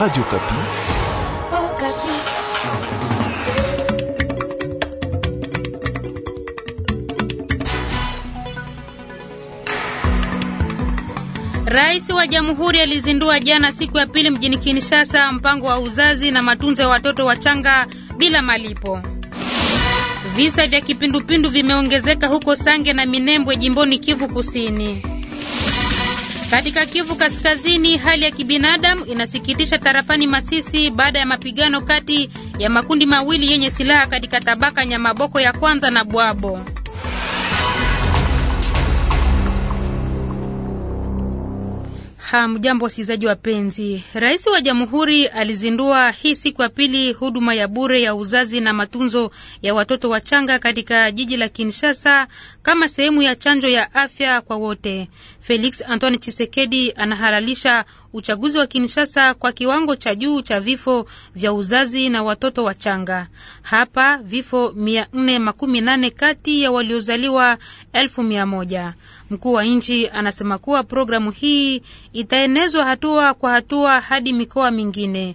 Radio Okapi. Rais wa Jamhuri alizindua jana siku ya pili mjini Kinshasa mpango wa uzazi na matunzo ya watoto wachanga bila malipo. Visa vya kipindupindu vimeongezeka huko Sange na Minembwe jimboni Kivu Kusini. Katika Kivu Kaskazini, hali ya kibinadamu inasikitisha tarafani Masisi baada ya mapigano kati ya makundi mawili yenye silaha katika tabaka Nyamaboko ya kwanza na Bwabo. Hamjambo wasikilizaji wapenzi. Rais wa Jamhuri alizindua hii siku ya pili huduma ya bure ya uzazi na matunzo ya watoto wachanga katika jiji la Kinshasa kama sehemu ya chanjo ya afya kwa wote. Felix Antoine chisekedi anahalalisha uchaguzi wa Kinshasa kwa kiwango cha juu cha vifo vya uzazi na watoto wachanga. Hapa vifo mia kati ya waliozaliwa elfu mia moja. Mkuu wa nchi anasema kuwa programu hii itaenezwa hatua kwa hatua hadi mikoa mingine.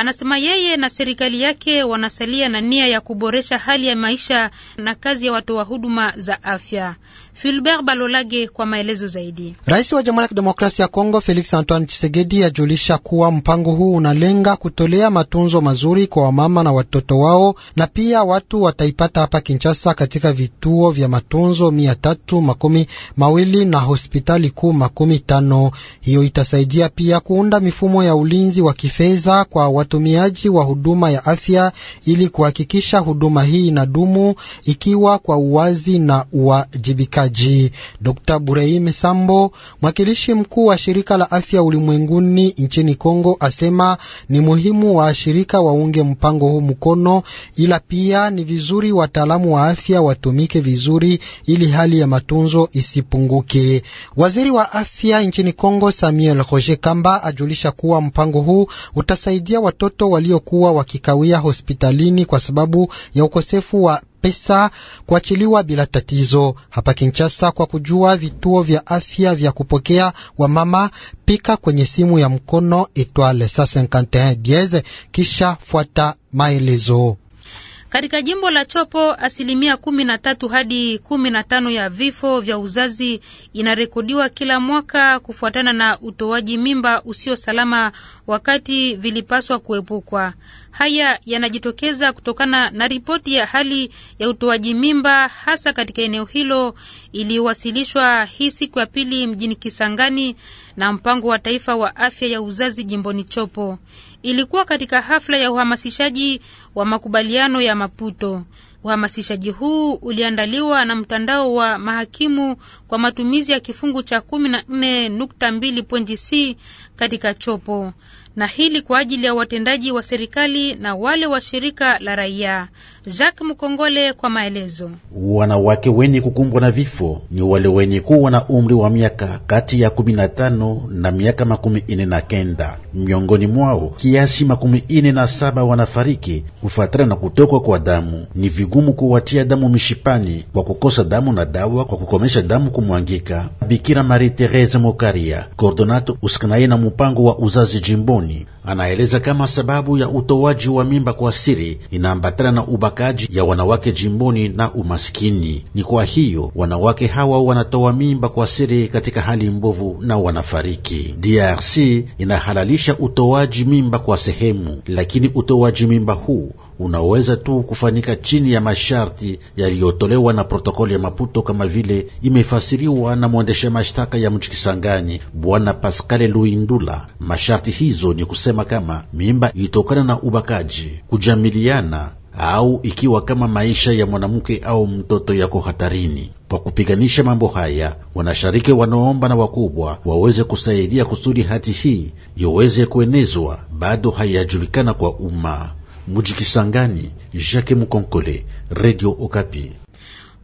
Anasema yeye na serikali yake wanasalia na nia ya kuboresha hali ya maisha na kazi ya watoa huduma za afya. Filbert Balolage kwa maelezo zaidi. Rais wa Jamhuri ya Kidemokrasia ya Kongo Felix Antoine Tshisekedi ajulisha kuwa mpango huu unalenga kutolea matunzo mazuri kwa wamama na watoto wao, na pia watu wataipata hapa Kinshasa katika vituo vya matunzo mia tatu makumi mawili na hospitali kuu makumi tano. Hiyo itasaidia pia kuunda mifumo ya ulinzi wa kifedha kwa watu watumiaji wa huduma ya afya ili kuhakikisha huduma hii inadumu ikiwa kwa uwazi na uwajibikaji. Dr. Bureim Sambo, mwakilishi mkuu wa shirika la afya ulimwenguni nchini Kongo, asema ni muhimu washirika waunge mpango huu mkono, ila pia ni vizuri wataalamu wa afya watumike vizuri ili hali ya matunzo isipunguke. Waziri wa afya nchini Kongo Samuel Roger Kamba ajulisha kuwa mpango huu utasaidia watoto waliokuwa wakikawia hospitalini kwa sababu ya ukosefu wa pesa kuachiliwa bila tatizo hapa Kinshasa, kwa kujua vituo vya afya vya kupokea wamama. Pika kwenye simu ya mkono itwale sa 51 dieze, kisha fuata maelezo. Katika jimbo la Chopo asilimia kumi na tatu hadi kumi na tano ya vifo vya uzazi inarekodiwa kila mwaka kufuatana na utoaji mimba usio salama wakati vilipaswa kuepukwa. Haya yanajitokeza kutokana na ripoti ya hali ya utoaji mimba hasa katika eneo hilo iliyowasilishwa hii siku ya pili mjini Kisangani na mpango wa taifa wa afya ya uzazi jimboni Chopo ilikuwa katika hafla ya uhamasishaji wa makubaliano ya Maputo. Uhamasishaji huu uliandaliwa na mtandao wa mahakimu kwa matumizi ya kifungu cha c katika chopo na hili kwa ajili ya watendaji wa serikali na wale wa shirika la raia. Jacques Mkongole kwa maelezo. Wanawake wenye kukumbwa na vifo ni wale wenye kuwa na umri wa miaka kati ya 15 na na miaka makumi ine na kenda. Miongoni mwao kiasi makumi ine na saba wanafariki kufuatana na kutokwa kwa damu. Ni vigumu kuwatia damu mishipani kwa kukosa damu na dawa kwa kukomesha damu kumwangika. Bikira Marie Therese Mokaria, kordonato usikanaye na mupango wa uzazi jimboni Marekani. Anaeleza kama sababu ya utoaji wa mimba kwa siri inaambatana na ubakaji ya wanawake jimboni na umaskini. Ni kwa hiyo wanawake hawa wanatoa mimba kwa siri katika hali mbovu na wanafariki. DRC inahalalisha utoaji mimba kwa sehemu, lakini utoaji mimba huu unaweza tu kufanyika chini ya masharti yaliyotolewa na protokoli ya Maputo kama vile imefasiriwa na mwendesha mashtaka ya mji Kisangani Bwana Pascale Luindula. Masharti hizo ni kusema kama mimba ilitokana na ubakaji, kujamiliana au ikiwa kama maisha ya mwanamke au mtoto yako hatarini. Kwa kupiganisha mambo haya, wanashariki wanaomba na wakubwa waweze kusaidia kusudi hati hii iweze kuenezwa, bado haiyajulikana kwa umma. Mujikisangani, Jacques Mukonkole, Radio Okapi.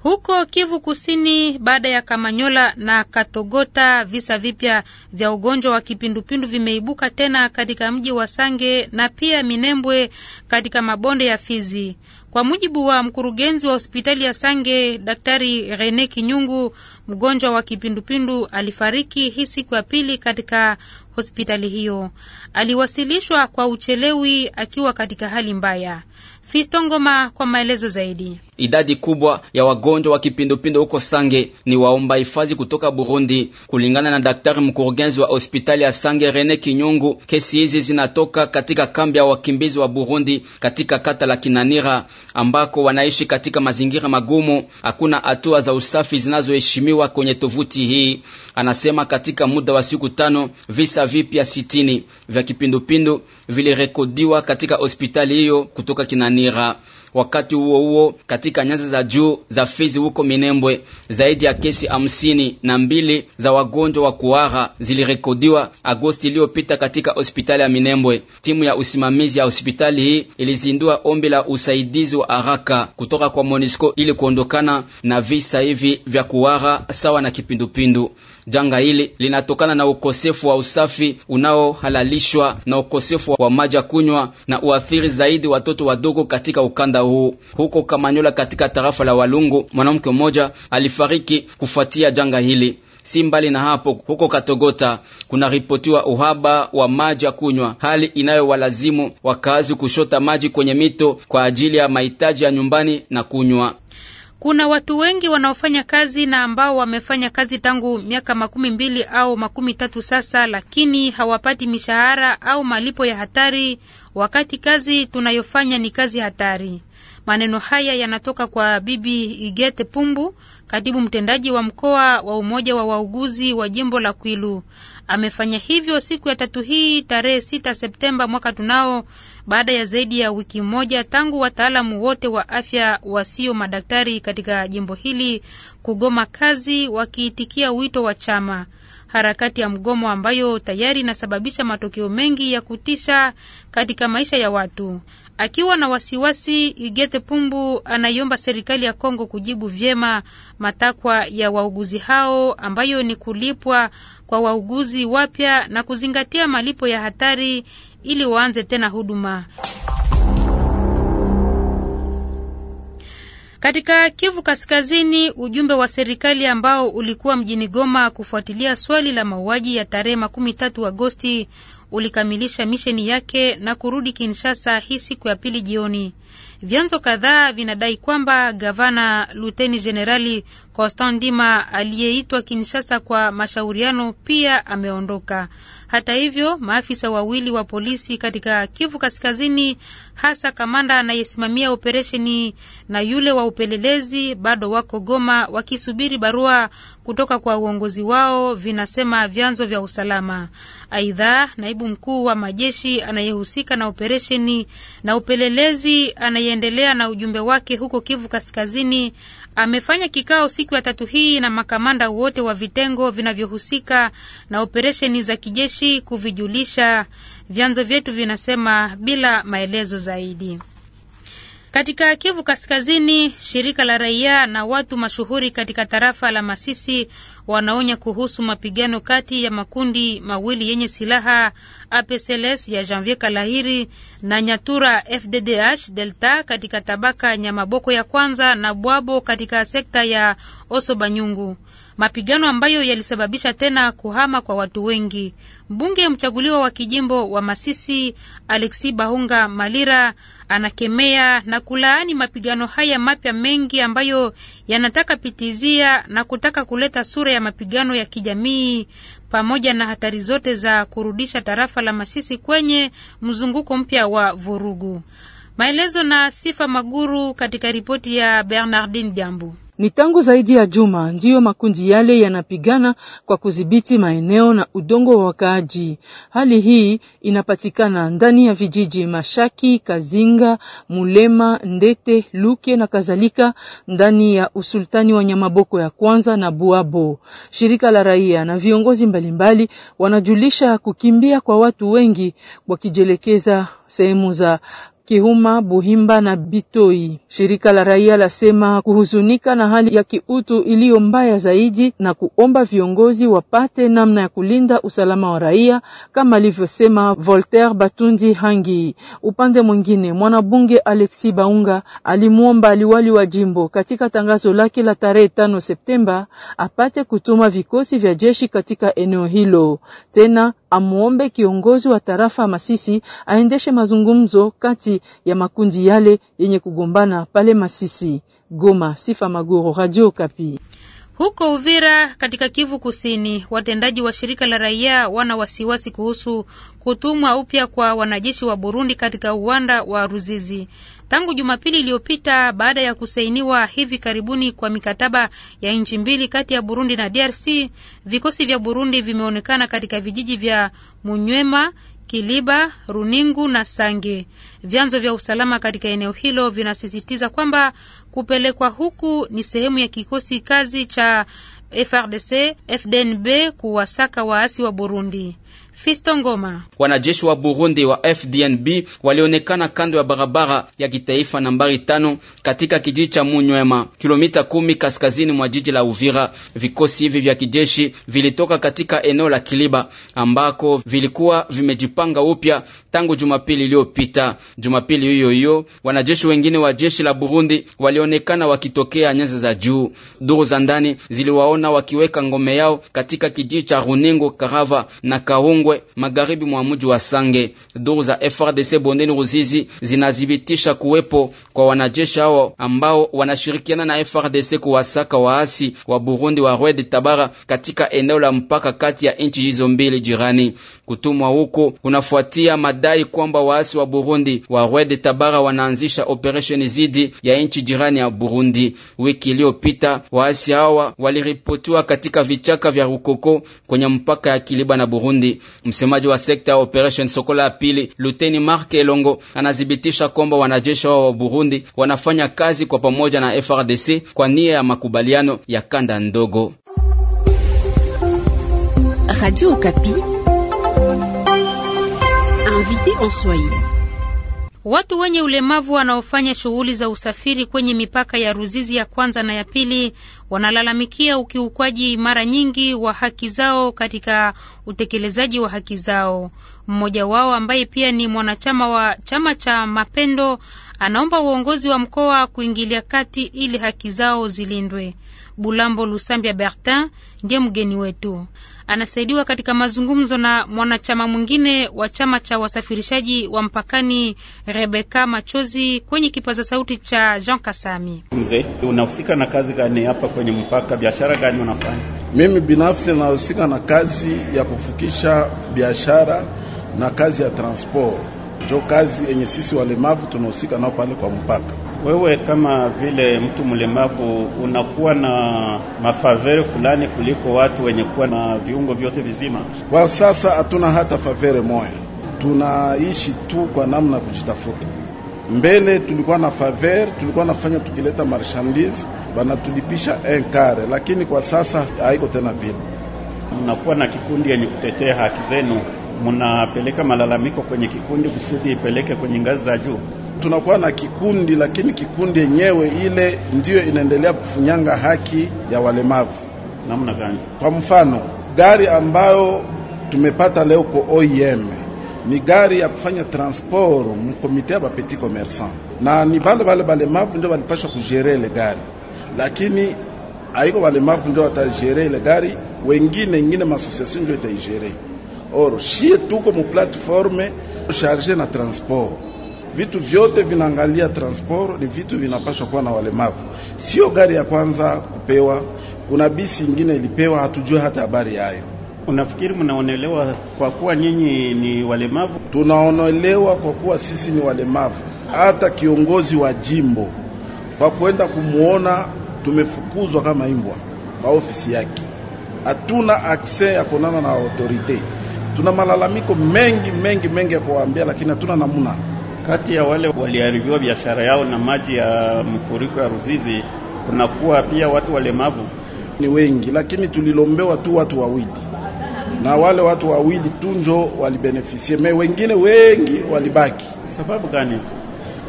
Huko Kivu Kusini, baada ya Kamanyola na Katogota, visa vipya vya ugonjwa wa kipindupindu vimeibuka tena katika mji wa Sange na pia Minembwe katika mabonde ya Fizi. Kwa mujibu wa mkurugenzi wa hospitali ya Sange, Daktari Rene Kinyungu, mgonjwa wa kipindupindu alifariki hii siku ya pili katika hospitali hiyo. Aliwasilishwa kwa uchelewi akiwa katika hali mbaya. fistongoma kwa maelezo zaidi. Idadi kubwa ya wagonjwa wa kipindupindu huko Sange ni waomba hifadhi kutoka Burundi. Kulingana na daktari mkurugenzi wa hospitali ya Sange Rene Kinyungu, kesi hizi zinatoka katika kambi ya wakimbizi wa Burundi katika kata la Kinanira ambako wanaishi katika mazingira magumu. Hakuna hatua za usafi zinazoheshimiwa kwenye tovuti hii, anasema. Katika muda wa siku tano, visa vipya sitini vya kipindupindu vilirekodiwa katika hospitali hiyo kutoka Kinanira. Wakati huo huo, katika nyanza za juu za Fizi huko Minembwe, zaidi ya kesi hamsini na mbili za wagonjwa wa kuhara zilirekodiwa Agosti iliyopita katika hospitali ya Minembwe. Timu ya usimamizi ya hospitali hii ilizindua ombi la usaidizi wa haraka kutoka kwa monisco ili kuondokana na visa hivi vya kuhara sawa na kipindupindu. Janga hili linatokana na ukosefu wa usafi unaohalalishwa na ukosefu wa maji ya kunywa na uathiri zaidi watoto wadogo katika ukanda huu. Huko Kamanyola, katika tarafa la Walungu, mwanamke mmoja alifariki kufuatia janga hili. Si mbali na hapo, huko Katogota kunaripotiwa uhaba wa maji ya kunywa, hali inayowalazimu wakazi kushota maji kwenye mito kwa ajili ya mahitaji ya nyumbani na kunywa. Kuna watu wengi wanaofanya kazi na ambao wamefanya kazi tangu miaka makumi mbili au makumi tatu sasa, lakini hawapati mishahara au malipo ya hatari, wakati kazi tunayofanya ni kazi hatari. Maneno haya yanatoka kwa Bibi Igete Pumbu, katibu mtendaji wa mkoa wa umoja wa wauguzi wa jimbo la Kwilu. Amefanya hivyo siku ya tatu hii tarehe 6 Septemba mwaka tunao baada ya zaidi ya wiki moja tangu wataalamu wote wa afya wasio madaktari katika jimbo hili kugoma kazi wakiitikia wito wa chama. Harakati ya mgomo ambayo tayari inasababisha matokeo mengi ya kutisha katika maisha ya watu. Akiwa na wasiwasi, Igete Pumbu anaiomba serikali ya Kongo kujibu vyema matakwa ya wauguzi hao ambayo ni kulipwa kwa wauguzi wapya na kuzingatia malipo ya hatari ili waanze tena huduma. Katika Kivu Kaskazini, ujumbe wa serikali ambao ulikuwa mjini Goma kufuatilia swali la mauaji ya tarehe makumi tatu Agosti ulikamilisha misheni yake na kurudi Kinshasa hii siku ya pili jioni. Vyanzo kadhaa vinadai kwamba gavana luteni jenerali Constant Ndima aliyeitwa Kinshasa kwa mashauriano pia ameondoka. Hata hivyo, maafisa wawili wa polisi katika Kivu Kaskazini, hasa kamanda anayesimamia operesheni na yule wa upelelezi, bado wako Goma wakisubiri barua kutoka kwa uongozi wao, vinasema vyanzo vya usalama. Aidha, naibu mkuu wa majeshi anayehusika na operesheni na upelelezi anayeendelea na ujumbe wake huko Kivu Kaskazini amefanya kikao siku ya tatu hii na makamanda wote wa vitengo vinavyohusika na operesheni za kijeshi kuvijulisha vyanzo vyetu vinasema bila maelezo zaidi. Katika Kivu Kaskazini, shirika la raia na watu mashuhuri katika tarafa la Masisi wanaonya kuhusu mapigano kati ya makundi mawili yenye silaha APCLS ya Janvier Kalahiri na Nyatura FDDH Delta katika tabaka Nyamaboko ya kwanza na Bwabo katika sekta ya Osobanyungu mapigano ambayo yalisababisha tena kuhama kwa watu wengi. Mbunge mchaguliwa wa kijimbo wa Masisi Alexi Bahunga Malira anakemea na kulaani mapigano haya mapya mengi ambayo yanataka pitizia na kutaka kuleta sura ya mapigano ya kijamii pamoja na hatari zote za kurudisha tarafa la Masisi kwenye mzunguko mpya wa vurugu. Maelezo na Sifa Maguru katika ripoti ya Bernardin Jambu. Ni tangu zaidi ya juma ndiyo makundi yale yanapigana kwa kudhibiti maeneo na udongo wa wakaaji. Hali hii inapatikana ndani ya vijiji Mashaki, Kazinga, Mulema, Ndete, Luke na kadhalika ndani ya usultani wa Nyamaboko ya kwanza na Buabo. Shirika la raia na viongozi mbalimbali wanajulisha kukimbia kwa watu wengi wakijielekeza sehemu za Kihuma, Buhimba na Bitoi. Shirika la raia lasema kuhuzunika na hali ya kiutu iliyo mbaya zaidi na kuomba viongozi wapate namna ya kulinda usalama wa raia kama alivyosema Voltaire Batundi Hangi. Upande mwingine, mwanabunge Alexi Baunga alimwomba aliwali wa jimbo katika tangazo lake la tarehe 5 Septemba apate kutuma vikosi vya jeshi katika eneo hilo tena amwombe kiongozi wa tarafa Masisi aendeshe mazungumzo kati ya makundi yale yenye kugombana pale Masisi. Goma, Sifa Maguru, Radio Kapi. Huko Uvira katika Kivu Kusini, watendaji wa shirika la raia wana wasiwasi kuhusu kutumwa upya kwa wanajeshi wa Burundi katika uwanda wa Ruzizi tangu Jumapili iliyopita, baada ya kusainiwa hivi karibuni kwa mikataba ya nchi mbili kati ya Burundi na DRC. Vikosi vya Burundi vimeonekana katika vijiji vya Munywema, Kiliba, Runingu na Sange. Vyanzo vya usalama katika eneo hilo vinasisitiza kwamba kupelekwa huku ni sehemu ya kikosi kazi cha FRDC FDNB kuwasaka waasi wa Burundi. Fisto Ngoma. Wanajeshi wa Burundi wa FDNB walionekana kando ya barabara ya kitaifa nambari tano katika kijiji cha Munywema, kilomita kumi kaskazini mwa jiji la Uvira. Vikosi hivi vya kijeshi vilitoka katika eneo la Kiliba ambako vilikuwa vimejipanga upya tangu Jumapili iliyopita. Jumapili hiyo hiyo, wanajeshi wengine wa jeshi la Burundi walionekana wakitokea nyanza za juu. Duru za ndani ziliwaona wakiweka ngome yao katika kijiji cha Runingo, Karava na Kaunga Mungwe, magharibi mwa mji wa Sange. Duru za FRDC bondeni Ruzizi zinazibitisha kuwepo kwa wanajeshi hao ambao wanashirikiana na FRDC kuwasaka waasi wa Burundi wa Red Tabara katika eneo la mpaka kati ya nchi hizo mbili jirani. Kutumwa huko kunafuatia madai kwamba waasi wa Burundi wa Red Tabara wanaanzisha operesheni zidi ya nchi jirani ya Burundi. Wiki iliyopita waasi hawa waliripotiwa katika vichaka vya Rukoko kwenye mpaka ya Kiliba na Burundi. Msemaji wa sekta ya Operation Sokola ya pili, Luteni Mark Elongo, anathibitisha kwamba wanajeshi hao wa Burundi wanafanya kazi kwa pamoja na FRDC kwa nia ya makubaliano ya kanda ndogo. Radio Okapi, invité en Swahili. Watu wenye ulemavu wanaofanya shughuli za usafiri kwenye mipaka ya Ruzizi ya kwanza na ya pili wanalalamikia ukiukwaji mara nyingi wa haki zao katika utekelezaji wa haki zao. Mmoja wao ambaye pia ni mwanachama wa chama cha Mapendo anaomba uongozi wa mkoa kuingilia kati ili haki zao zilindwe. Bulambo Lusambia Bertin ndiye mgeni wetu anasaidiwa katika mazungumzo na mwanachama mwingine wa chama cha wasafirishaji wa mpakani Rebeka Machozi kwenye kipaza sauti cha Jean Kasami. Mzee, unahusika na kazi gani hapa kwenye mpaka? Biashara gani unafanya? Mimi binafsi nahusika na kazi ya kufukisha biashara na kazi ya transport, njo kazi yenye sisi walemavu tunahusika nao pale kwa mpaka. Wewe kama vile mtu mlemavu unakuwa na mafavere fulani kuliko watu wenye kuwa na viungo vyote vizima? Kwa sasa hatuna hata favere moja, tunaishi tu kwa namna kujitafuta. Mbele tulikuwa na favere, tulikuwa nafanya tukileta marchandise banatulipisha enkare, lakini kwa sasa haiko tena vile. Mnakuwa na kikundi yenye kutetea haki zenu, mnapeleka malalamiko kwenye kikundi kusudi ipeleke kwenye ngazi za juu tunakuwa na kikundi, lakini kikundi yenyewe ile ndiyo inaendelea kufunyanga haki ya walemavu. Namna gani? Kwa mfano gari ambayo tumepata leo kwa OIM e ni gari ya kufanya transport mkomite ya bapetit commerçant, na ni bale bale balemavu ndio walipasha kujere ile gari, lakini aiko walemavu ndio watajere ile gari, wengine ingine masosiasio ndio itaijere. Or shie tuko mu plateforme charge na transport vitu vyote vinaangalia transport, ni vitu vinapaswa kuwa na walemavu. Sio gari ya kwanza kupewa, kuna bisi ingine ilipewa, hatujue hata habari yayo. Unafikiri mnaonelewa kwa kuwa nyinyi ni walemavu? Tunaonelewa kwa kuwa sisi ni walemavu. Hata kiongozi wa jimbo kwa kwenda kumwona, tumefukuzwa kama imbwa kwa ofisi yake. Hatuna akse ya kuonana na autorite. Tuna malalamiko mengi mengi mengi ya kuwaambia, lakini hatuna namuna. Kati ya wale waliharibiwa biashara yao na maji ya mfuriko ya Ruzizi, kunakuwa pia watu walemavu ni wengi, lakini tulilombewa tu watu wawili, na wale watu wawili tu njo walibenefisie me, wengine wengi walibaki. Sababu gani?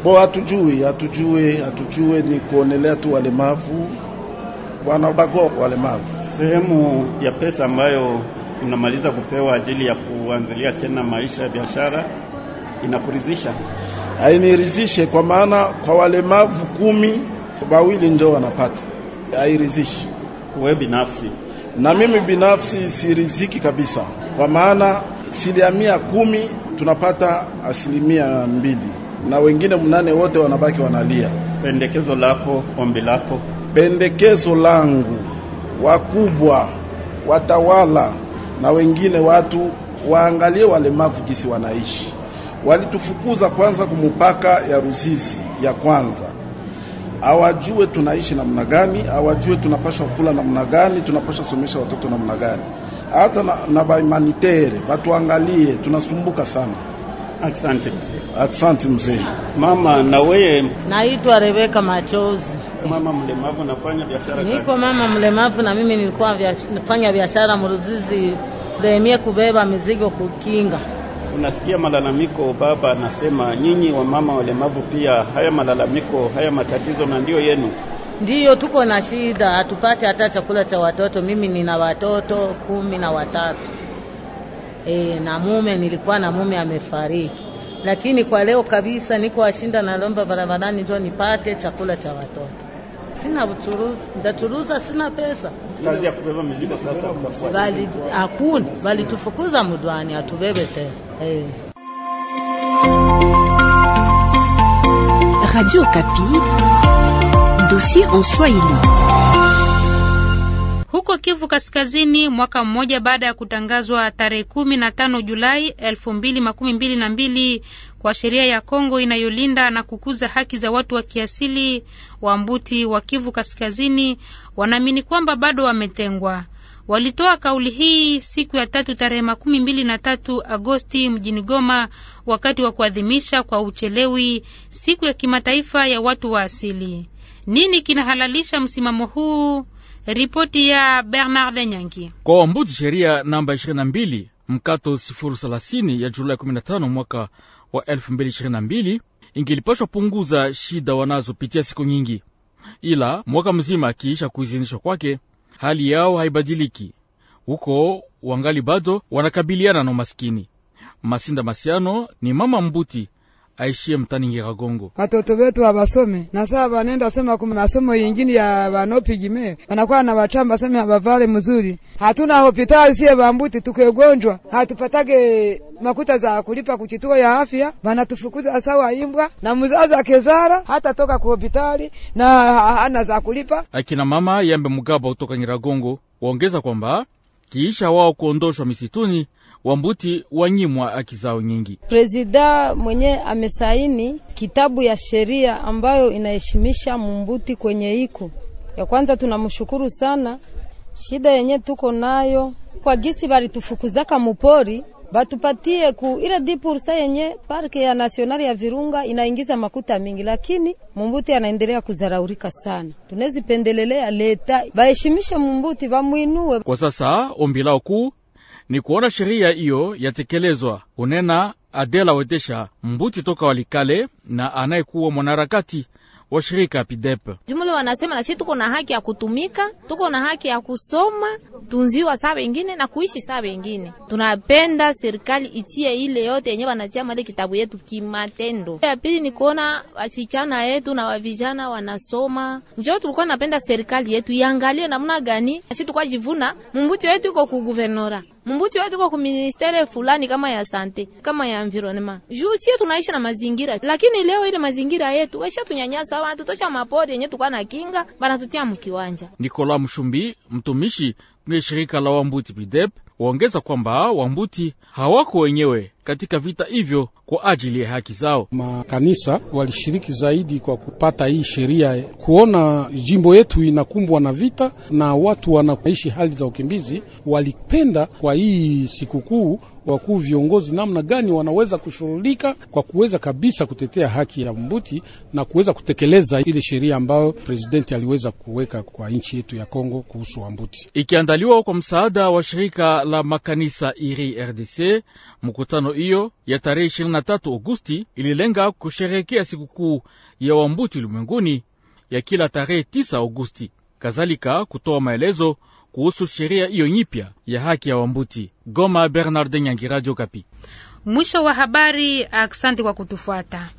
Bo hatujui, hatujui, hatujui, ni kuonelea tu walemavu, wanabagua walemavu. Sehemu ya pesa ambayo unamaliza kupewa ajili ya kuanzilia tena maisha ya biashara inakuridhisha? Hainiridhishe kwa maana kwa walemavu kumi wawili ndio wanapata, hairidhishi. we binafsi na mimi binafsi siriziki kabisa, kwa maana asilimia kumi tunapata asilimia mbili na wengine mnane wote wanabaki wanalia. Pendekezo lako, ombi lako? Pendekezo langu, wakubwa, watawala na wengine watu waangalie walemavu jinsi wanaishi walitufukuza kwanza kumupaka ya Ruzizi ya kwanza, awajue tunaishi namna gani, awajue tunapasha kula namna gani, tunapasha somesha watoto namna gani, hata na, na bahumanitere batuangalie, tunasumbuka sana. Asante mzee. Asante mzee. Mama na wewe? Naitwa Rebeka Machozi. Mama mlemavu nafanya biashara gani? Niko mama mlemavu na mimi nilikuwa nafanya biashara Mruzizi, premier kubeba mizigo kukinga unasikia malalamiko, baba anasema nyinyi wamama walemavu pia haya malalamiko haya matatizo na ndio yenu? Ndiyo, tuko na shida, hatupate hata chakula cha watoto. Mimi nina watoto kumi na watatu e, na mume nilikuwa na mume amefariki, lakini kwa leo kabisa niko washinda, nalomba barabarani njoo nipate chakula cha watoto. Sina uchuruzi, nitachuruza, sina pesa. Kazi ya kubeba mizigo sasa hakuna, walitufukuza mudwani, hatubebe tena. Eh. Radio Kapi, dossier en Swahili. Huko Kivu Kaskazini, mwaka mmoja baada ya kutangazwa tarehe 15 Julai elfu kwa sheria ya Kongo inayolinda na kukuza haki za watu wa kiasili, Wambuti wa Kivu Kaskazini wanaamini kwamba bado wametengwa. Walitoa kauli hii siku ya tatu tarehe makumi mbili na tatu Agosti mjini Goma wakati wa kuadhimisha kwa uchelewi siku ya kimataifa ya watu wa asili. Nini kinahalalisha msimamo huu? Ripoti ya Bernard Nyangi. Kwa wambuzi sheria namba 22 mkato 030 ya Julai 15 mwaka wa 2022 ingilipashwa punguza shida wanazopitia siku nyingi, ila mwaka mzima akiisha kuizinishwa kwake hali yao haibadiliki huko, wangali bado wanakabiliana na no maskini. Masinda Masiano ni mama mbuti aishie mtani Ngiragongo. Watoto wetu hawasome na saa wanenda sema ku masomo yingine ya wanopigime wanakuwa na wachamba sema habavale mzuri. Hatuna hopitali, siye vambuti tukegonjwa hatupatage makuta za kulipa kuchituo ya afya, wanatufukuza sawa imbwa na mzazi akezara hata toka ku hospitali na hana za kulipa. Akina mama Yambe Mugabo kutoka Nyiragongo waongeza kwamba kiisha wao kuondoshwa misituni wambuti wanyimwa haki zao nyingi. Prezida mwenye amesaini kitabu ya sheria ambayo inaheshimisha mumbuti kwenye iko ya kwanza, tunamshukuru sana. Shida yenye tuko nayo kwa gisi balitufukuzaka mupori batupatie ku ile dipursa yenye parke ya nasionali ya Virunga inaingiza makuta mingi, lakini mumbuti anaendelea kuzaraurika sana. pendelelea leta baheshimishe mumbuti, bamwinue. Kwa sasa ombi lao kuu ni kuona sheria hiyo yatekelezwa, unena Adela Wetesha Mbuti toka Walikale na anayekuwa mwanaharakati washirika PIDEP. E Jumla wanasema na sisi tuko na haki ya kutumika, tuko na haki ya kusoma, tunziwa saa wengine na kuishi saa wengine. Tunapenda serikali itie ile yote yenye wanatia mali kitabu yetu kimatendo. Ya pili ni kuona wasichana yetu na wavijana wanasoma. njo tulikuwa napenda serikali yetu iangalie namna gani sisi tukajivuna mumbuti wetu uko ku guvernora mumbuti wetu kwa kuministere fulani kama ya sante kama ya environment juu sie tunaishi na mazingira, lakini leo ile mazingira yetu waisha tunyanyasa, wanatutosha mapori yenye tukwa na kinga, banatutia mkiwanja. Nikola Mshumbi mtumishi shirika la Wambuti Bidep waongeza kwamba Wambuti hawako wenyewe katika vita hivyo kwa ajili ya haki zao. Makanisa walishiriki zaidi kwa kupata hii sheria, kuona jimbo yetu inakumbwa na vita na watu wanaishi hali za ukimbizi. Walipenda kwa hii sikukuu wakuu viongozi namna gani wanaweza kushughulika kwa kuweza kabisa kutetea haki ya mbuti na kuweza kutekeleza ile sheria ambayo presidenti aliweza kuweka kwa nchi yetu ya Kongo kuhusu wambuti, ikiandaliwa kwa msaada wa shirika la makanisa IRI RDC. Mkutano hiyo ya tarehe 23 Agosti ililenga kusherehekea sikukuu ya wambuti ulimwenguni ya kila tarehe 9 Agosti, kadhalika kutoa maelezo kuhusu sheria hiyo nyipya ya haki ya Wambuti. Goma, Bernard nyangi Radio kapi Mwisho wa habari. Asante kwa kutufuata.